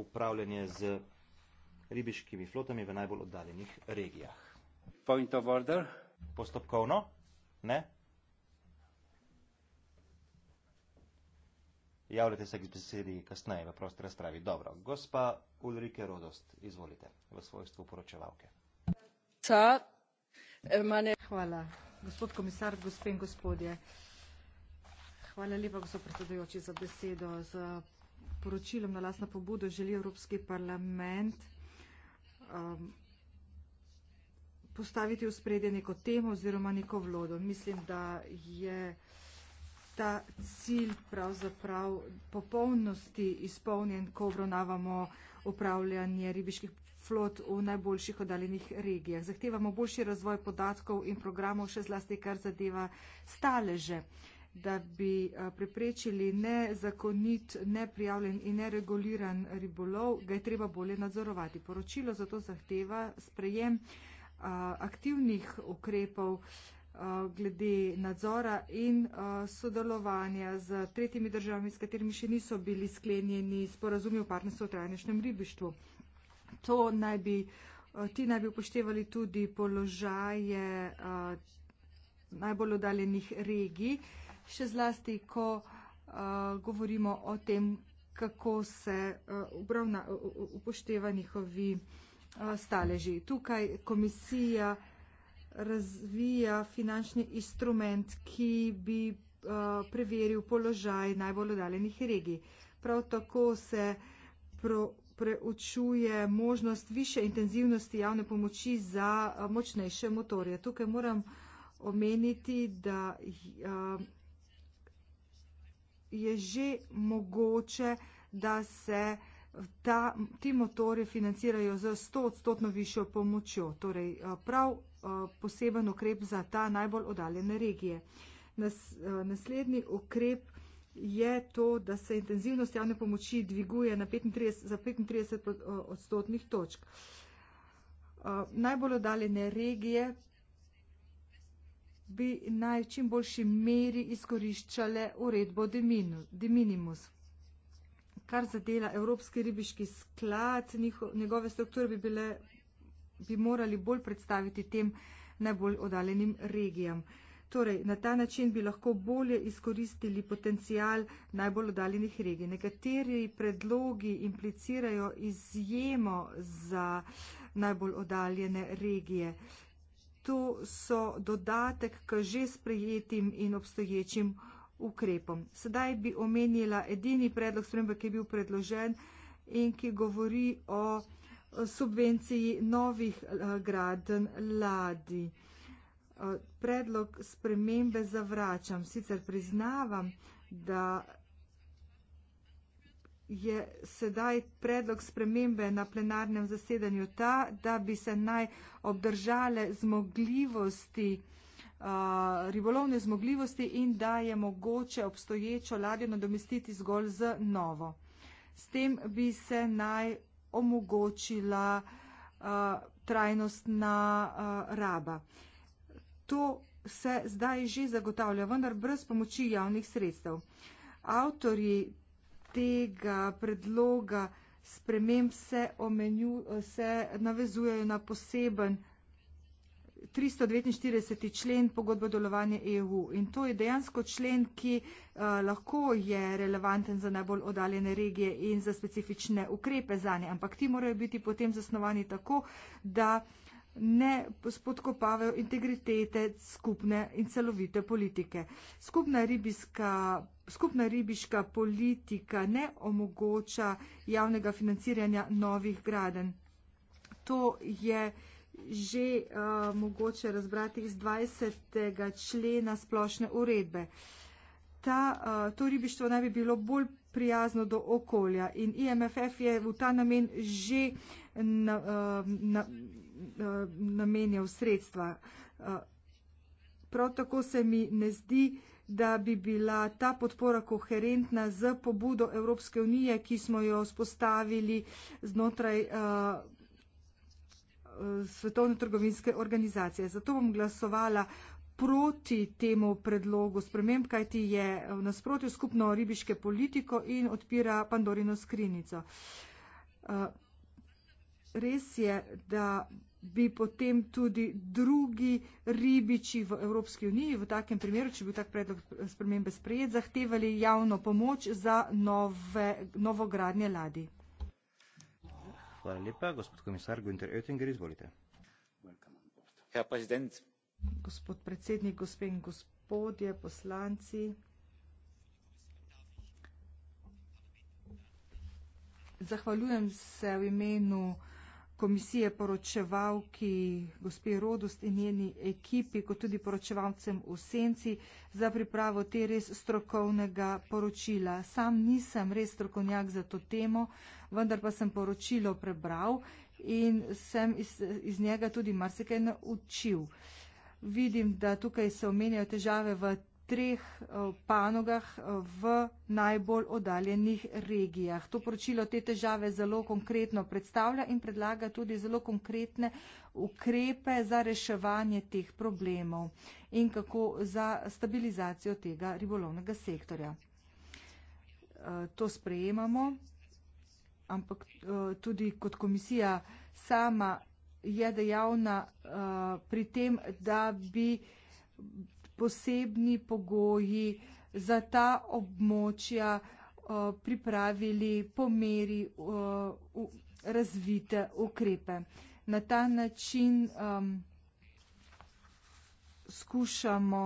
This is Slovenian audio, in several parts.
upravljanje z ribiškimi flotami v najbolj oddaljenih regijah. Point of order. Postopkovno? Ne? Javljate se k besedi kasneje v prosti razpravi. Dobro. Gospa Ulrike Rodost, izvolite, v svojstvu poročevalke. Hvala, gospod komisar, gospe in gospodje. Hvala lepa, gospod predsedujoči, za besedo. Z poročilom na lasno pobudo želi Evropski parlament um, postaviti v spredje neko temo oziroma neko vlodo. Mislim, da je ta cilj pravzaprav popolnosti izpolnjen, ko obravnavamo upravljanje ribiških flot v najboljših oddaljenih regijah. Zahtevamo boljši razvoj podatkov in programov, še zlasti kar zadeva staleže. Uh, da bi eh, preprečili nezakonit, neprijavljen in nereguliran ribolov, ga je treba bolje nadzorovati. Poročilo zato zahteva sprejem eh, aktivnih ukrepov eh, glede nadzora in sodelovanja z tretjimi državami, s katerimi še niso bili sklenjeni sporazumi o partnerstvu v trajnešnem ribištvu. To naj bi, ti naj bi upoštevali tudi položaje najbolj oddaljenih regij, še zlasti, ko uh, govorimo o tem, kako se uh, obravna, uh, upošteva njihovi uh, staleži. Tukaj komisija razvija finančni instrument, ki bi uh, preveril položaj najbolj oddaljenih regij. Prav tako se pro, preučuje možnost više intenzivnosti javne pomoči za uh, močnejše motorje. Tukaj moram omeniti, da uh, je že mogoče, da se ta, ti motori financirajo z 100 odstotno višjo pomočjo. Torej, eh, prav eh, poseben ukrep za ta najbolj odaljene regije. Nas, eh, naslednji ukrep je to, da se intenzivnost javne pomoči dviguje 35, za 35 odstotnih točk. Najbolj odaljene regije bi naj v čim boljši meri izkoriščale uredbo de minimus. Kar zadela Evropski ribiški sklad, njegove strukture bi, bile, bi morali bolj predstaviti tem najbolj odaljenim regijam. Torej, na ta način bi lahko bolje izkoristili potencial najbolj odaljenih regij. Nekateri predlogi implicirajo izjemo za najbolj odaljene regije. Uh, to so dodatek k že sprejetim in obstoječim ukrepom. Sedaj bi omenila edini predlog spremembe, ki je bil predložen in ki govori o eh, subvenciji novih eh, graden ladi. Eh, predlog spremembe zavračam. Sicer priznavam, da je sedaj predlog spremembe na plenarnem zasedanju ta, da bi se naj obdržale zmogljivosti, ribolovne zmogljivosti in da je mogoče obstoječo ladjo nadomestiti zgolj z novo. S tem bi se naj omogočila trajnostna raba. To se zdaj že zagotavlja, vendar brez pomoči javnih sredstev. Avtori tega predloga sprememb se, omenju, se navezujejo na poseben 349. člen pogodbe o delovanju EU. In to je dejansko člen, ki uh, lahko je relevanten za najbolj odaljene regije in za specifične ukrepe zanje, ampak ti morajo biti potem zasnovani tako, da uh, ne spodkopavajo integritete skupne in celovite politike. Skupna ribiška, skupna ribiška politika ne omogoča javnega financiranja novih graden. To je že uh, mogoče razbrati iz 20. člena splošne uredbe. Ta, uh, to ribištvo naj bi bilo bolj prijazno do okolja in IMFF je v ta namen že na, uh, na, Eh, namenjal sredstva. Eh, prav tako se mi ne zdi, da bi bila ta podpora koherentna z pobudo Evropske unije, ki smo jo spostavili znotraj eh, Svetovne trgovinske organizacije. Zato bom glasovala proti temu predlogu sprememb, kajti je v nasprotju skupno ribiške politiko in odpira Pandorino skrinico. Res je, da bi potem tudi drugi ribiči v Evropski uniji v takem primeru, če bi tak predlog spremembe sprejet, zahtevali javno pomoč za nove, novogradnje ladi. Hvala lepa. Gospod komisar Günter Oettinger, izvolite. Gospod predsednik, gospe in gospodje, poslanci. Zahvaljujem se v imenu komisije poročevalki gospe Rodost in njeni ekipi, kot tudi poročevalcem v Senci za pripravo te res strokovnega poročila. Sam nisem res strokovnjak za to temo, vendar pa sem poročilo prebral in sem iz, iz njega tudi marsikaj naučil. Vidim, da tukaj se omenjajo težave v treh eh, panogah eh, v najbolj oddaljenih regijah. To poročilo te težave zelo konkretno predstavlja in predlaga tudi zelo konkretne ukrepe za reševanje teh problemov in kako za stabilizacijo tega ribolovnega sektorja. Eh, to sprejemamo, ampak tudi kot komisija sama je dejavna pri tem, da bi posebni pogoji za ta območja uh, pripravili po meri uh, eh, u, razvite ukrepe. Na ta način um, skušamo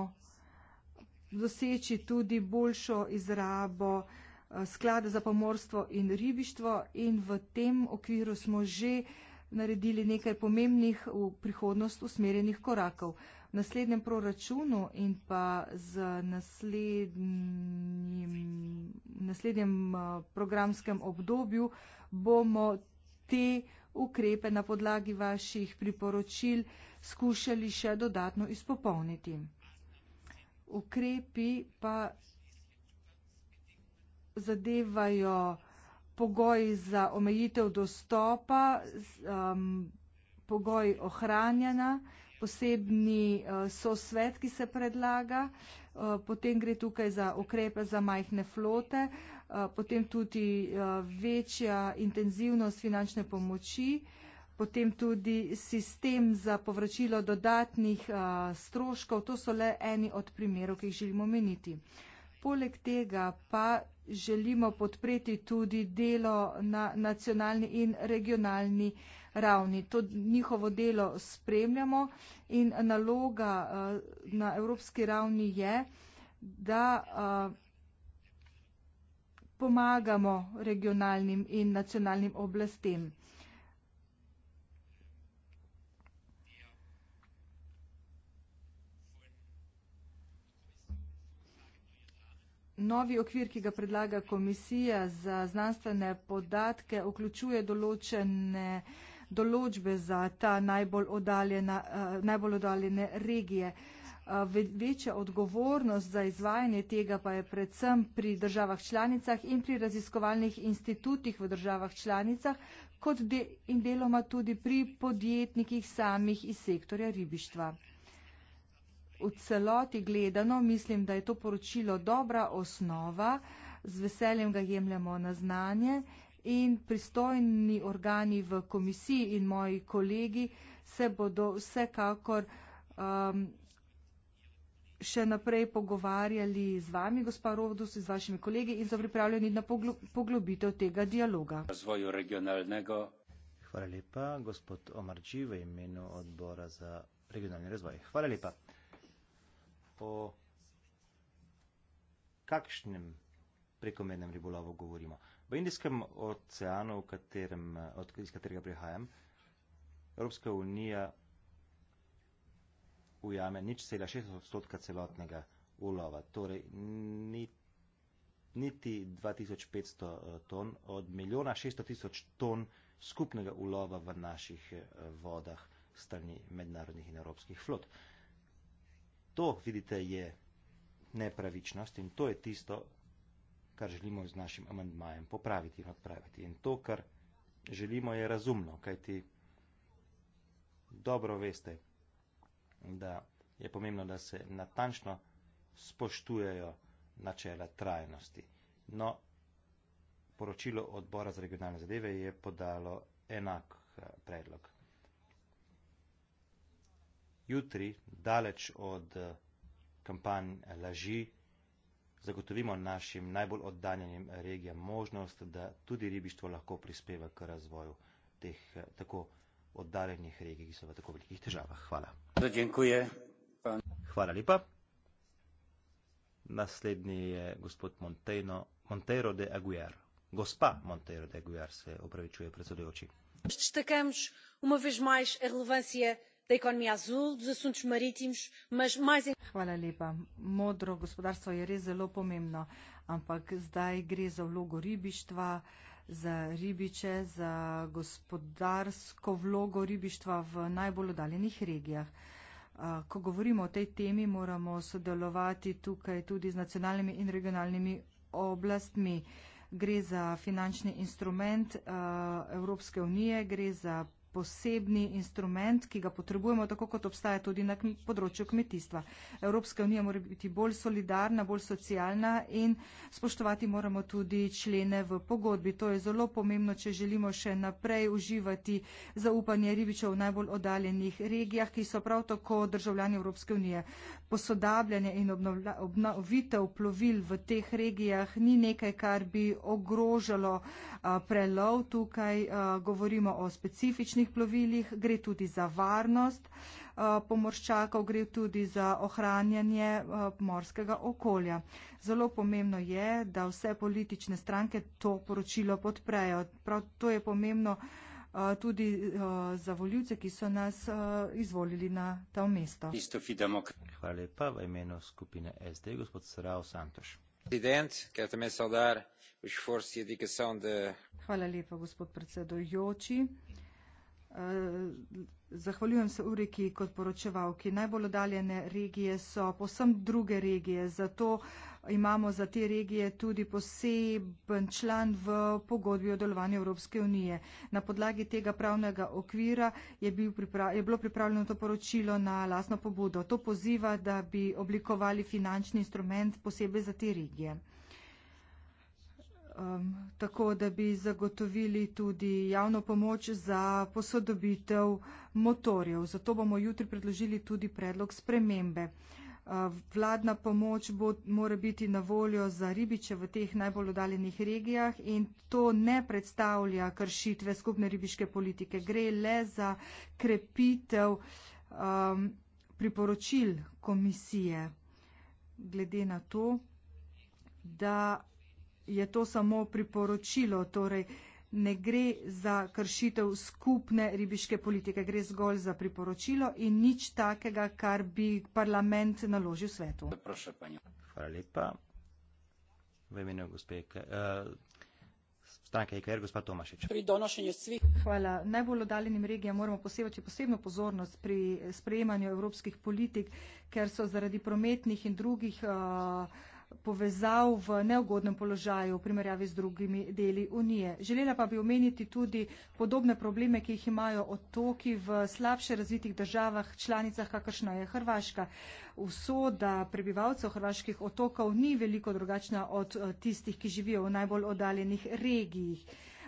doseči tudi boljšo izrabo uh, sklada za pomorstvo in ribištvo in v tem okviru smo že uh, naredili nekaj pomembnih v prihodnost usmerjenih korakov. V naslednjem proračunu in pa z naslednjim, naslednjem eh, programskem obdobju bomo te ukrepe na podlagi vaših priporočil skušali še dodatno izpopolniti. Ukrepi pa zadevajo pogoji za omejitev dostopa, um, pogoji ohranjena, posebni uh, sosvet, ki se predlaga, uh, potem gre tukaj za ukrepe za majhne flote, uh, potem tudi uh, večja intenzivnost finančne pomoči, potem tudi sistem za povračilo dodatnih uh, stroškov. To so le eni od primerov, ki jih želimo meniti. Poleg tega pa želimo podpreti tudi delo na nacionalni in regionalni ravni. To njihovo delo spremljamo in naloga eh, na evropski ravni je, da eh, pomagamo regionalnim in nacionalnim oblastem. Novi okvir, ki ga predlaga Komisija za znanstvene podatke, vključuje določene določbe za ta najbolj, oddaljena, uh, najbolj oddaljene regije. Uh, večja odgovornost za izvajanje tega pa je predvsem pri državah članicah in pri raziskovalnih institutih v državah članicah, kot de in deloma tudi pri podjetnikih samih iz sektorja ribištva v celoti gledano mislim, da je to poročilo dobra osnova, z veseljem ga jemljamo na znanje in pristojni organi v komisiji in moji kolegi se bodo vsekakor um, še naprej pogovarjali z vami, gospa Rovdus, z vašimi kolegi in so pripravljeni na poglo poglobitev tega dialoga. Hvala lepa, gospod Omarđi, v imenu odbora za regionalni razvoj. Hvala lepa o kakšnem prekomernem ribolovu govorimo. V Indijskem oceanu, katerem, od, iz katerega prihajam, Evropska unija ujame nič cela šest odstotka celotnega ulova. Torej, ni, niti 2500 eh, ton od milijona 600 tisoč ton skupnega ulova v naših eh, vodah strani mednarodnih in evropskih flot. Uh, To, vidite, je nepravičnost in to je tisto, kar želimo z našim amandmajem popraviti in odpraviti. In to, kar želimo, je razumno, kajti dobro veste, da je pomembno, da se natančno spoštujejo načela trajnosti. No, poročilo odbora za regionalne zadeve je podalo enak eh, predlog jutri, daleč od eh, kampanj laži, zagotovimo našim najbolj oddaljenim regijam možnost, da tudi ribištvo lahko prispeva k razvoju teh eh, tako oddaljenih regij, ki so v tako velikih težavah. Hvala. Hvala lepa. Naslednji je gospod Monteino, Monteiro de Aguiar. Gospa Monteiro de Aguiar se opravičuje predsedujoči. Destacamos uma vez mais a relevância da economia azul dos assuntos marítimos mas mais. hvala lepa modro gospodarstvo je res zelo pomembno ampak zdaj gre za vlogo ribištva za ribiče za gospodarsko vlogo ribištva v najbolj oddaljenih regijah. Ko govorimo o tej temi, moramo sodelovati tukaj tudi z nacionalnimi in regionalnimi oblastmi. Gre za finančni instrument Evropske unije, gre za posebni instrument, ki ga potrebujemo, tako kot obstaja tudi na področju kmetijstva. Evropska unija mora biti bolj solidarna, bolj socialna in spoštovati moramo tudi člene v pogodbi. To je zelo pomembno, če želimo še naprej uživati zaupanje ribičev v najbolj oddaljenih regijah, ki so prav tako državljani Evropske unije. Posodabljanje in obnovitev plovil v teh regijah ni nekaj, kar bi ogrožalo prelov. Tukaj govorimo o specifičnih vodnih plovilih, gre tudi za varnost eh, pomorščakov, gre tudi za ohranjanje eh, morskega okolja. Zelo pomembno je, da vse politične stranke to poročilo podprejo. Prav to je pomembno eh, tudi za voljivce, ki so nas izvolili na ta mesto. Hvala lepa v imenu skupine SD, gospod Sarao Santoš. Hvala lepa, gospod predsedojoči. Eh, zahvaljujem se Uriki kot poročevalki. Najbolj oddaljene regije so posem druge regije, zato imamo za te regije tudi poseben član v pogodbi o delovanju Evropske unije. Na podlagi tega pravnega okvira je, bil pripra je bilo pripravljeno to poročilo na lasno pobudo. To poziva, da bi oblikovali finančni instrument posebej za te regije um, tako da bi zagotovili tudi javno pomoč za posodobitev motorjev. Zato bomo jutri predložili tudi predlog spremembe. Uh, vladna pomoč bo, mora biti na voljo za ribiče v teh najbolj odaljenih regijah in to ne predstavlja kršitve skupne ribiške politike. Gre le za krepitev um, priporočil komisije glede na to, da je to samo priporočilo, torej ne gre za kršitev skupne ribiške politike, gre zgolj za priporočilo in nič takega, kar bi parlament naložil svetu. Hvala lepa. V imenu gospe uh, stranke IKR, e gospa Tomašič. Pri donošenju svih. Hvala. Najbolj oddaljenim regijam moramo posebati posebno pozornost pri sprejemanju evropskih politik, ker so zaradi prometnih in drugih uh, povezav v neugodnem položaju v primerjavi z drugimi deli Unije. Želela pa bi omeniti tudi podobne probleme, ki jih imajo otoki v slabše razvitih državah, članicah, kakršna je Hrvaška. Vso, da prebivalcev hrvaških otokov ni veliko drugačna od eh, tistih, ki živijo v najbolj oddaljenih regijih.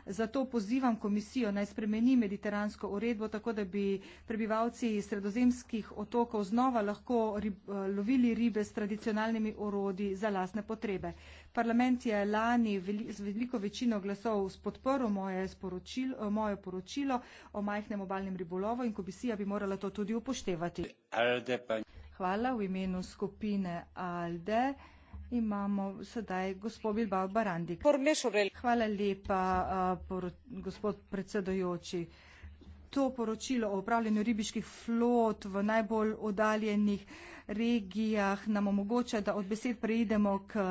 Zato pozivam komisijo naj spremeni mediteransko uredbo, tako da bi prebivalci sredozemskih otokov znova lahko rib, eh, lovili ribe s tradicionalnimi orodi za lasne potrebe. Parlament je lani veli, z veliko večino glasov podprl moje, eh, moje poročilo o majhnem obalnem ribolovu in komisija bi morala to tudi upoštevati. Hvala v imenu skupine ALDE. Imamo sedaj gospod Bilbao Barandik. Hvala lepa, gospod predsedojoči. To poročilo o upravljanju ribiških flot v najbolj oddaljenih regijah nam omogoča, da od besed preidemo k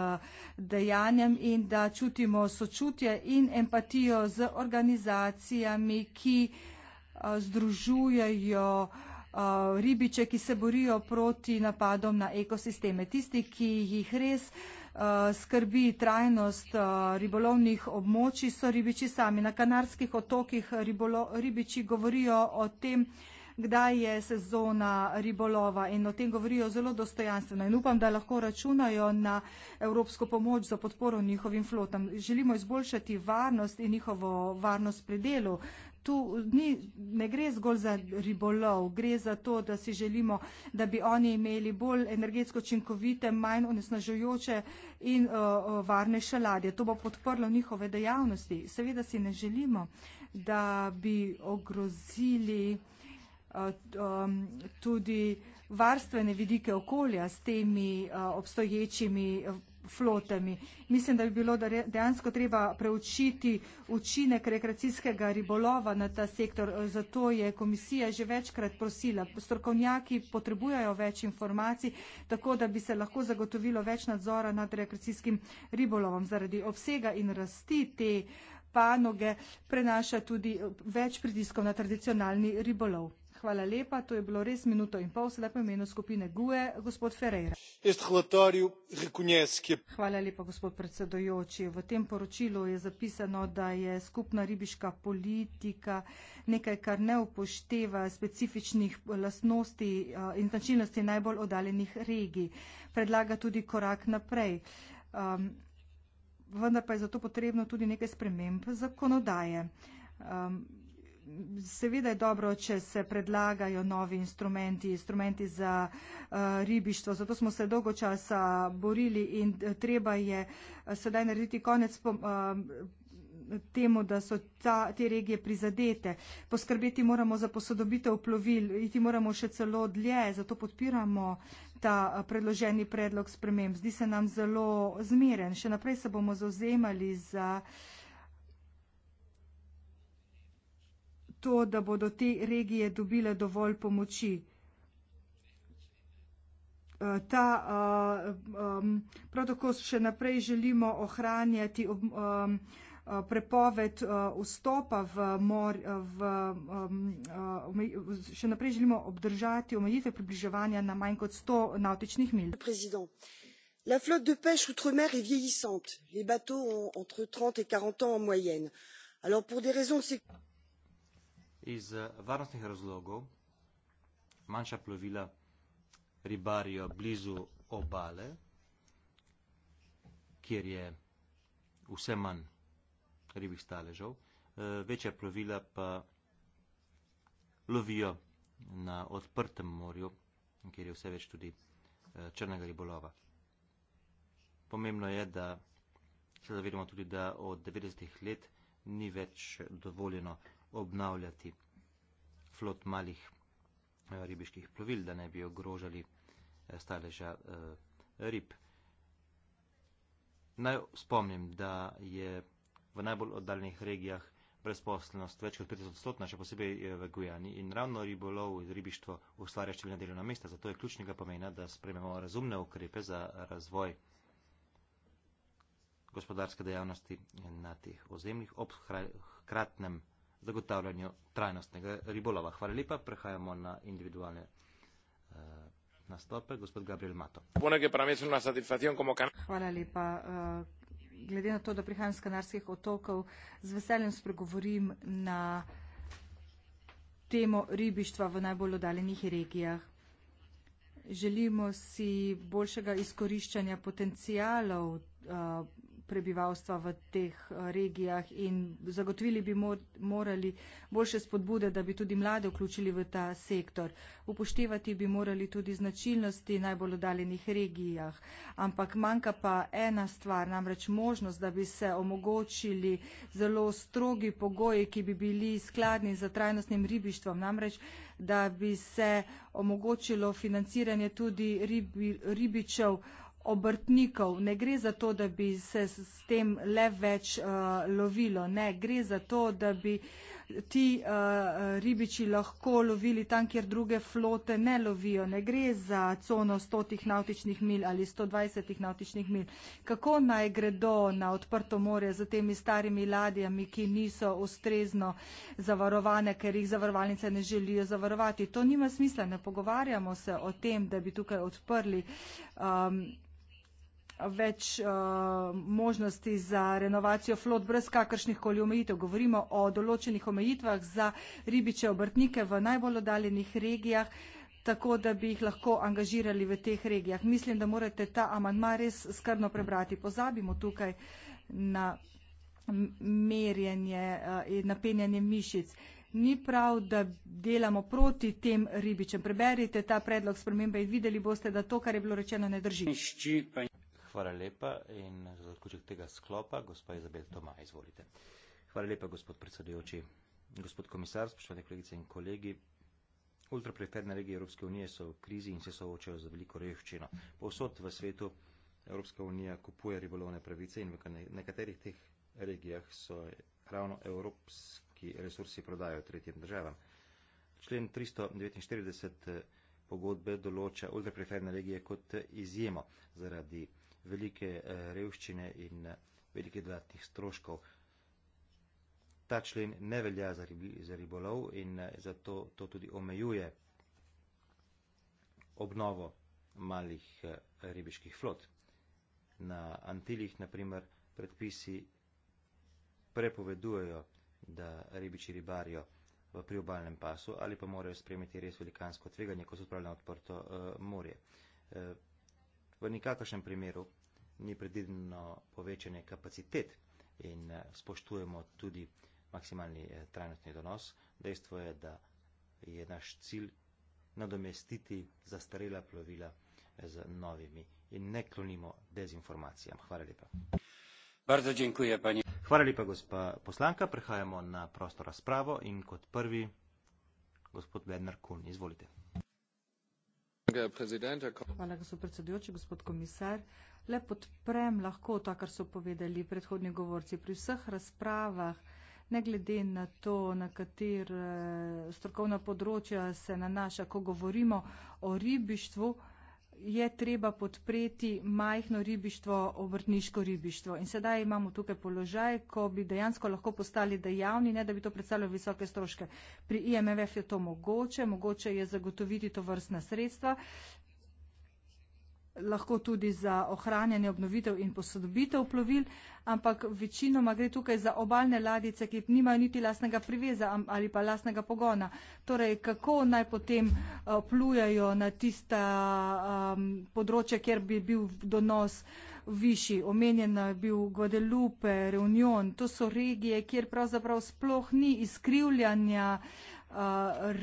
dejanjem in da čutimo sočutje in empatijo z organizacijami, ki združujejo Uh, ribiče, ki se borijo proti napadom na ekosisteme, tisti, ki jih res uh, skrbi trajnost uh, ribolovnih območij, so ribiči sami. Na Kanarskih otokih ribolo, ribiči govorijo o tem, kdaj je sezona ribolova in o tem govorijo zelo dostojanstveno in upam, da lahko računajo na evropsko pomoč za podporo njihovim flotam. Želimo izboljšati varnost in njihovo varnost pri delu tu ni, ne gre zgolj za ribolov, gre za to, da si želimo, da bi oni imeli bolj energetsko činkovite, manj onesnažujoče in uh, varnejše ladje. To bo podprlo njihove dejavnosti. Seveda si ne želimo, da bi ogrozili eh, um, tudi varstvene vidike okolja s temi eh, obstoječimi flotami. Mislim, da bi bilo dejansko treba preučiti učinek rekreacijskega ribolova na ta sektor. Zato je komisija že večkrat prosila. Strokovnjaki potrebujejo več informacij, tako da bi se lahko zagotovilo več nadzora nad rekreacijskim ribolovom. Zaradi obsega in rasti te panoge prenaša tudi več pritiskov na tradicionalni ribolov hvala lepa. To je bilo res minuto in pol. Sedaj pa imenu skupine GUE, gospod Ferreira. Hvala lepa, gospod predsedojoči. V tem poročilu je zapisano, da je skupna ribiška politika nekaj, kar ne upošteva specifičnih lastnosti eh, in značilnosti najbolj odaljenih regij. Predlaga tudi korak naprej. Um, vendar pa je zato potrebno tudi nekaj sprememb zakonodaje. Um, seveda je dobro, če se predlagajo novi instrumenti, instrumenti za eh, ribištvo. Zato smo se dolgo časa borili in eh, treba je eh, sedaj narediti konec temu, da so ta, te regije prizadete. Poskrbeti moramo za posodobitev plovil, iti moramo še celo dlje, zato podpiramo ta predloženi predlog sprememb. Zdi se nam zelo zmeren. Še naprej se bomo zauzemali za uh, to, da bodo te regije dobile dovolj pomoči. Eh, ta, um, prav tako še naprej želimo ohranjati um, prepoved vstopa v mor, v, um, um, še naprej želimo obdržati omejitev približevanja na manj kot 100 nautičnih mil. La flotte de pêche outre-mer est vieillissante. Les bateaux ont entre 30 et 40 ans en moyenne. Alors pour des raisons de sécurité. Iz eh, varnostnih razlogov manjša plovila ribarijo blizu obale, kjer je vse manj ribih staležev, eh, večja plovila pa lovijo na odprtem morju, kjer je vse več tudi eh, črnega ribolova. Pomembno je, da se zavedamo tudi, da od 90-ih let ni več dovoljeno obnavljati flot malih eh, ribiških plovil, da ne bi ogrožali eh, staleža eh, rib. Naj spomnim, da je v najbolj oddaljenih regijah brezposlenost več kot 50 odstotna, še posebej v Gujani in ravno ribolov in ribištvo ustvarja številna delovna mesta, zato je ključnega pomena, da sprememo razumne ukrepe za razvoj gospodarske dejavnosti na teh ozemljih ob hkratnem zagotavljanju trajnostnega ribolova. Hvala lepa, prehajamo na individualne uh, nastope. Gospod Gabriel Mato. Hvala lepa. Uh, glede na to, da prihajam z Kanarskih otokov, z veseljem spregovorim na temo ribištva v najbolj oddaljenih regijah. Želimo si boljšega izkoriščanja potencijalov uh, eh, prebivalstva v teh eh, regijah in zagotovili bi morali boljše spodbude, da bi tudi mlade vključili v ta sektor. Upoštevati bi morali tudi značilnosti najbolj oddaljenih regijah. Ampak manjka pa ena stvar, namreč možnost, da bi se omogočili zelo strogi pogoji, ki bi bili skladni za trajnostnim ribištvom, namreč da bi se omogočilo financiranje tudi ribi, ribičev obrtnikov, ne gre za to, da bi se s tem le več uh, lovilo, ne, gre za to, da bi ti uh, ribiči lahko lovili tam, kjer druge flote ne lovijo, ne gre za cono 100 nautičnih mil ali 120 nautičnih mil. Kako naj gredo na odprto morje z temi starimi ladjami, ki niso ustrezno zavarovane, ker jih zavarovalnice ne želijo zavarovati? To nima smisla, ne pogovarjamo se o tem, da bi tukaj odprli um, več uh, možnosti za renovacijo flot brez kakršnih koli omejitev. Govorimo o določenih omejitvah za ribiče obrtnike v najbolj oddaljenih regijah, tako da bi jih lahko angažirali v teh regijah. Mislim, da morate ta amandma res skrbno prebrati. Pozabimo tukaj na merjenje eh, in uh, napenjanje mišic. Ni prav, da delamo proti tem ribičem. Preberite ta predlog spremembe in videli boste, da to, kar je bilo rečeno, ne drži. Hvala lepa in za zaključek tega sklopa, gospa Izabel Toma, izvolite. Hvala lepa, gospod predsedujoči, gospod komisar, spoštovane kolegice in kolegi. Ultrapreferne regije Evropske unije so v krizi in se soočajo z veliko revščino. Povsod v svetu Evropska unija kupuje ribolovne pravice in v nekaterih teh regijah so ravno evropski resursi prodajo tretjim državam. Člen 349 eh, pogodbe določa ultrapreferne regije kot eh, izjemo zaradi velike eh, revščine in eh, velike dodatnih stroškov. Ta člen ne velja za, rib, za ribolov in eh, zato to tudi omejuje obnovo malih ribiških flot. Na Antilih, naprimer, predpisi prepovedujejo, da ribiči ribarijo v priobalnem pasu ali pa morajo spremeti res velikansko tveganje, ko so odprto uh, morje. Uh, nikakršnem primeru ni predvideno povečanje kapacitet in eh, spoštujemo tudi maksimalni eh, trajnostni donos. Dejstvo je, da je naš cilj nadomestiti zastarela plovila eh, z novimi in ne klonimo dezinformacijam. Hvala lepa. Bardzo dziękuję, pani. Hvala lepa, gospa poslanka. Prehajamo na prosto razpravo in kot prvi gospod Bernard Kuhn. Izvolite. Hvala, gospod predsedujoči, gospod komisar. Le podprem lahko to, kar so povedali predhodni govorci. Pri vseh razpravah, ne glede na to, na katero eh, strokovna področja se nanaša, ko govorimo o ribištvu, je treba podpreti majhno ribištvo, obrtniško ribištvo. In sedaj imamo tukaj položaj, ko bi dejansko lahko postali dejavni, ne da bi to predstavljalo visoke stroške. Pri IMF je to mogoče, mogoče je zagotoviti to vrstna sredstva, lahko tudi za ohranjanje, obnovitev in posodobitev plovil, ampak večinoma gre tukaj za obaljne ladice, ki nimajo niti lastnega priveza ali pa lastnega pogona. Torej, kako naj potem eh, plujajo na tista področja, kjer bi bil donos višji. Omenjen je bil Guadeloupe, Reunion, to so regije, kjer pravzaprav sploh ni izkrivljanja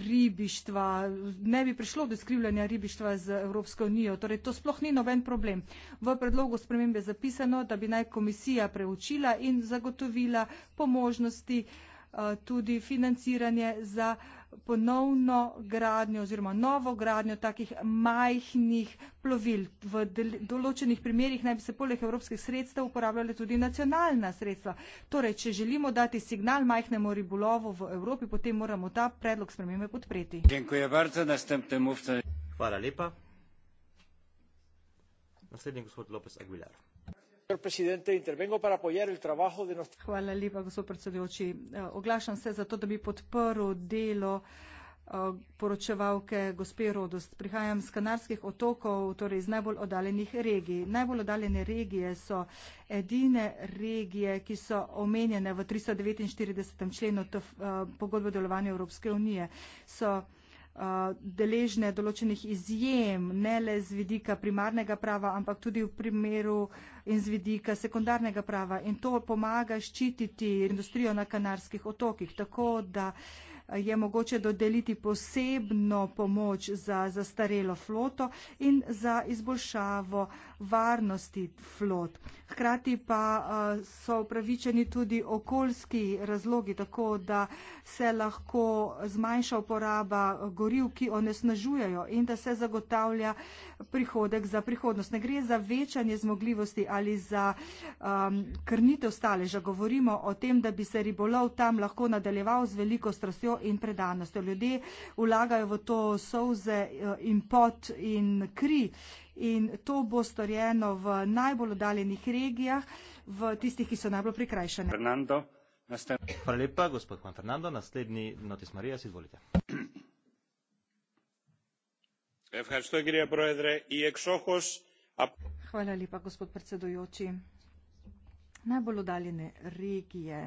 ribištva, ne bi prišlo do skrivljanja ribištva z Evropsko unijo. Torej, to sploh ni noben problem. V predlogu spremembe je zapisano, da bi naj komisija preučila in zagotovila po možnosti tudi financiranje za uh, ponovno gradnjo oziroma novo gradnjo takih majhnih plovil. V določenih primerjih naj bi se poleg evropskih sredstev uporabljale tudi nacionalna sredstva. Torej, če želimo dati signal majhnemu ribolovu v Evropi, potem moramo ta predlog spremembe podpreti. Hvala lepa. Naslednji gospod Lopes Aguilar gospod predsednik eh, oglašam se zato da bi podprl delo eh, poročevalke gospe rodost prihajam s kanarskih otokov torej iz najbolj oddaljenih regij najbolj oddaljene regije so edine regije ki so omenjene v tristo devetinštiridesetem členu eh, pogodbe o delovanju evropske unije so Eh, deležne določenih izjem, ne le z vidika primarnega prava, ampak tudi v primeru in z vidika sekundarnega prava. In to pomaga ščititi industrijo na kanarskih otokih, tako da je mogoče dodeliti posebno pomoč za zastarelo floto in za izboljšavo varnosti flot. Hkrati pa so upravičeni tudi okoljski razlogi, tako da se lahko zmanjša uporaba goriv, ki onesnažujejo in da se zagotavlja prihodek za prihodnost. Ne gre za večanje zmogljivosti ali za um, krnitev staleža. Govorimo o tem, da bi se ribolov tam lahko nadaljeval z veliko strastjo in predanostjo. Ljudje ulagajo v to solze in pot in kri in to bo storjeno v najbolj oddaljenih regijah, v tistih, ki so najbolj prikrajšane. Fernando, Hvala lepa, gospod Juan Fernando. Naslednji notis Marija, si izvolite. Hvala lepa, gospod predsedujoči. Najbolj oddaljene regije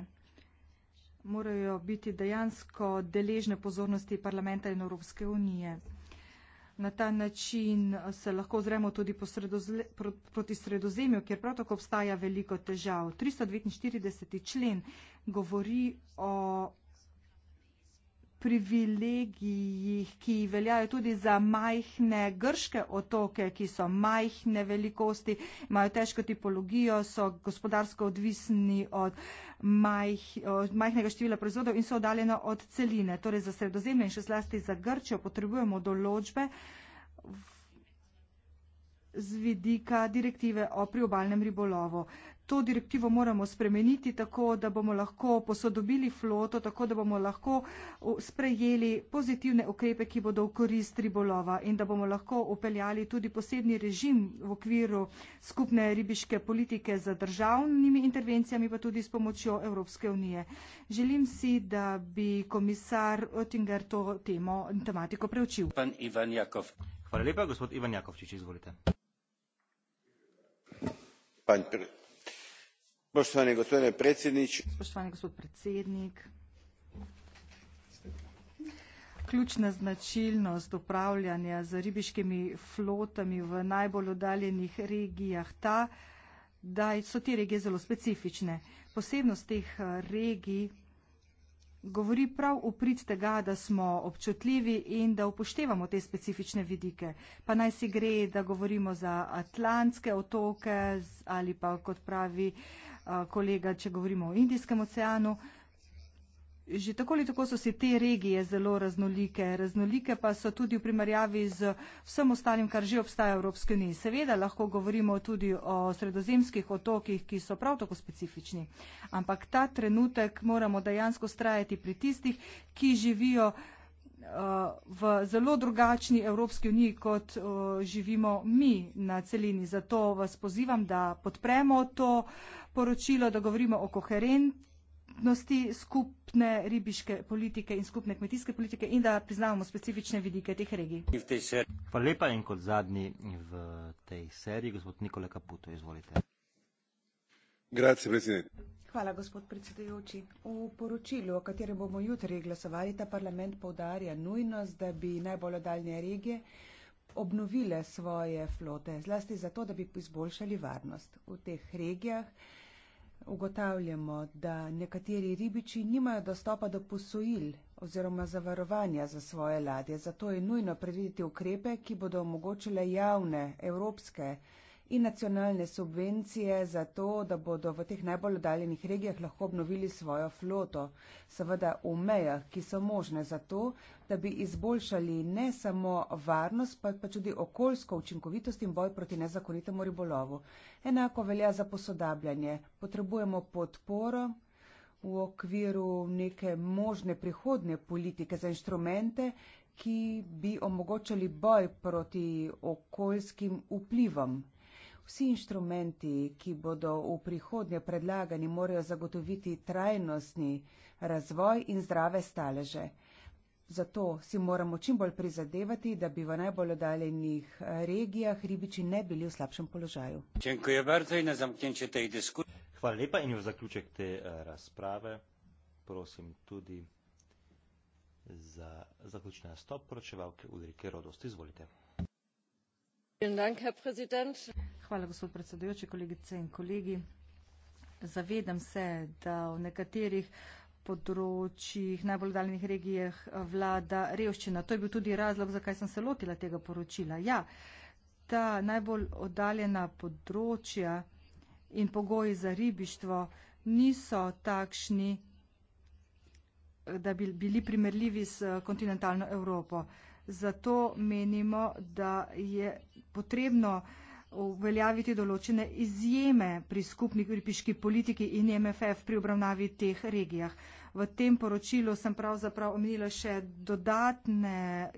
morajo biti dejansko deležne pozornosti parlamenta in Evropske unije. Na ta način eh, se lahko ozremo tudi sredozle, proti sredozemju, kjer prav tako obstaja veliko težav. 349. člen govori o privilegijih, ki veljajo tudi za majhne grške otoke, ki so majhne velikosti, imajo težko tipologijo, so gospodarsko odvisni od majh, majhnega števila proizvodov in so oddaljeno od celine. Torej za sredozemlje in še zlasti za Grčijo potrebujemo določbe z vidika direktive o priobalnem ribolovu to direktivo moramo spremeniti tako, da bomo lahko posodobili floto, tako da bomo lahko sprejeli pozitivne ukrepe, ki bodo v korist ribolova in da bomo lahko upeljali tudi posebni režim v okviru skupne ribiške politike za državnimi intervencijami, pa tudi s pomočjo Evropske unije. Želim si, da bi komisar Oettinger to temo in tematiko preučil. Hvala lepa, gospod Ivan Jakovčič, izvolite. Poštovani gospodine predsjedniče. Poštovani gospod predsjednik. Ključna značilnost upravljanja z ribiškimi flotami v najbolj oddaljenih regijah ta, da so te regije zelo specifične. Posebnost teh eh, regij govori prav v prid tega, da smo občutljivi in da upoštevamo te specifične vidike. Pa naj si gre, da govorimo za Atlantske otoke ali pa, kot pravi kolega, če govorimo o Indijskem oceanu, Že tako ali tako so se te regije zelo raznolike, raznolike pa so tudi v primerjavi z vsem ostalim, kar že obstaja v Evropski uniji. Seveda lahko govorimo tudi o sredozemskih otokih, ki so prav tako specifični, ampak ta trenutek moramo dejansko strajati pri tistih, ki živijo uh, v zelo drugačni Evropski uniji, kot uh, živimo mi na celini. Zato vas pozivam, da podpremo to poročilo, da govorimo o koherentnosti skupnosti, skupne ribiške politike in skupne kmetijske politike in da priznavamo specifične vidike teh regij. Hvala lepa in kot zadnji v tej seriji, gospod Nikola Kaputo, izvolite. Grazie, predsednik. Hvala, gospod predsedujoči. V poročilu, o katerem bomo jutri glasovali, ta parlament povdarja nujnost, da bi najbolj oddaljne regije obnovile svoje flote, zlasti zato, da bi izboljšali varnost v teh regijah ugotavljamo, da nekateri ribiči nimajo dostopa do posojil oziroma zavarovanja za svoje ladje. Zato je nujno predvideti ukrepe, ki bodo omogočile javne evropske in nacionalne subvencije za to, da bodo v teh najbolj oddaljenih regijah lahko obnovili svojo floto, seveda v mejah, ki so možne za to, da bi izboljšali ne samo varnost, pa, pa tudi okoljsko učinkovitost in boj proti nezakonitemu ribolovu. Enako velja za posodabljanje. Potrebujemo podporo v okviru neke možne prihodne politike za inštrumente, ki bi omogočali boj proti okoljskim vplivom. Vsi inštrumenti, ki bodo v prihodnje predlagani, morajo zagotoviti trajnostni razvoj in zdrave staleže. Zato si moramo čim bolj prizadevati, da bi v najbolj oddaljenih regijah ribiči ne bili v slabšem položaju. Hvala lepa in v zaključek te e, razprave prosim tudi za zaključne stop poročevalke Ulrike Rodost. Izvolite. Hvala, gospod predsedujoči, kolegice in kolegi. Zavedam se, da v nekaterih področjih, najbolj daljnih regijah eh, vlada revščina. To je bil tudi razlog, zakaj sem se lotila tega poročila. Ja, ta najbolj oddaljena področja in pogoji za ribištvo niso takšni, eh, da bi bili primerljivi s eh, kontinentalno Evropo. Zato menimo, da je potrebno uh, uveljaviti določene izjeme pri skupni gripiški politiki in MFF pri obravnavi teh regijah. V tem poročilu sem pravzaprav omenila še dodatne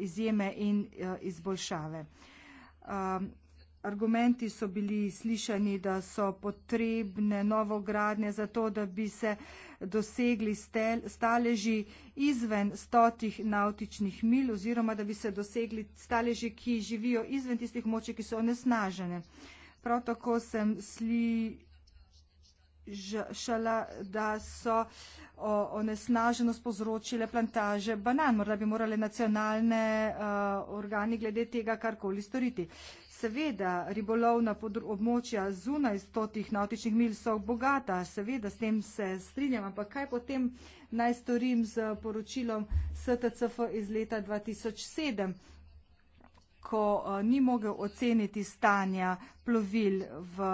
izjeme in eh, izboljšave. Ehm, argumenti so bili slišani, da so potrebne novogradnje za to, da bi se dosegli stel, staleži izven stotih nautičnih mil oziroma da bi se dosegli staleži, ki živijo izven tistih moči, ki so onesnažene. Prav tako sem slišala, da so onesnaženost pozročile plantaže banan. Morda bi morali nacionalne uh, organi glede tega karkoli storiti. Seveda, ribolovna območja zunaj stotih nautičnih mil so bogata, seveda s tem se strinjam, ampak kaj potem naj storim z poročilom STCF iz leta 2007, ko eh, ni mogel oceniti stanja plovil v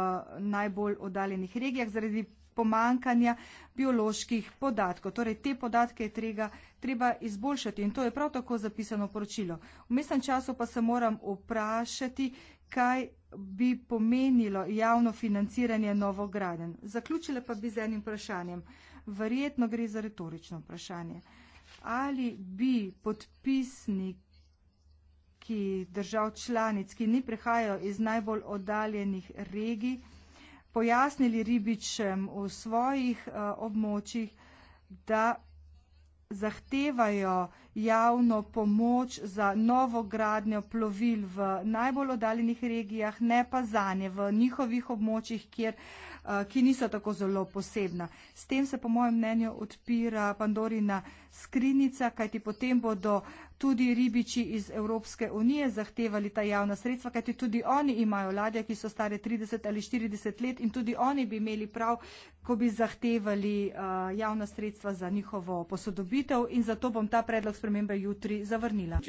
najbolj oddaljenih regijah zaradi pomankanja bioloških podatkov. Torej, te podatke je treba, treba izboljšati in to je prav tako zapisano poročilo. V mestnem času pa se moram vprašati, kaj bi pomenilo javno financiranje novogradnen. Zaključila pa bi z enim vprašanjem. Verjetno gre za retorično vprašanje. Ali bi podpisnik ki držav članic, ki ni prehajajo iz najbolj oddaljenih regij, pojasnili ribičem v svojih uh, območjih, da zahtevajo javno pomoč za novogradnjo plovil v najbolj oddaljenih regijah, ne pa zanje v njihovih območjih, kjer uh, Eh, ki niso tako zelo posebna. S tem se, po mojem mnenju, odpira Pandorina skrinica, kajti potem bodo tudi ribiči iz Evropske unije zahtevali ta javna sredstva, kajti tudi oni imajo ladje, ki so stare 30 ali 40 let in tudi oni bi imeli prav, ko bi zahtevali eh, javna sredstva za njihovo posodobitev in zato bom ta predlog spremembe jutri zavrnila.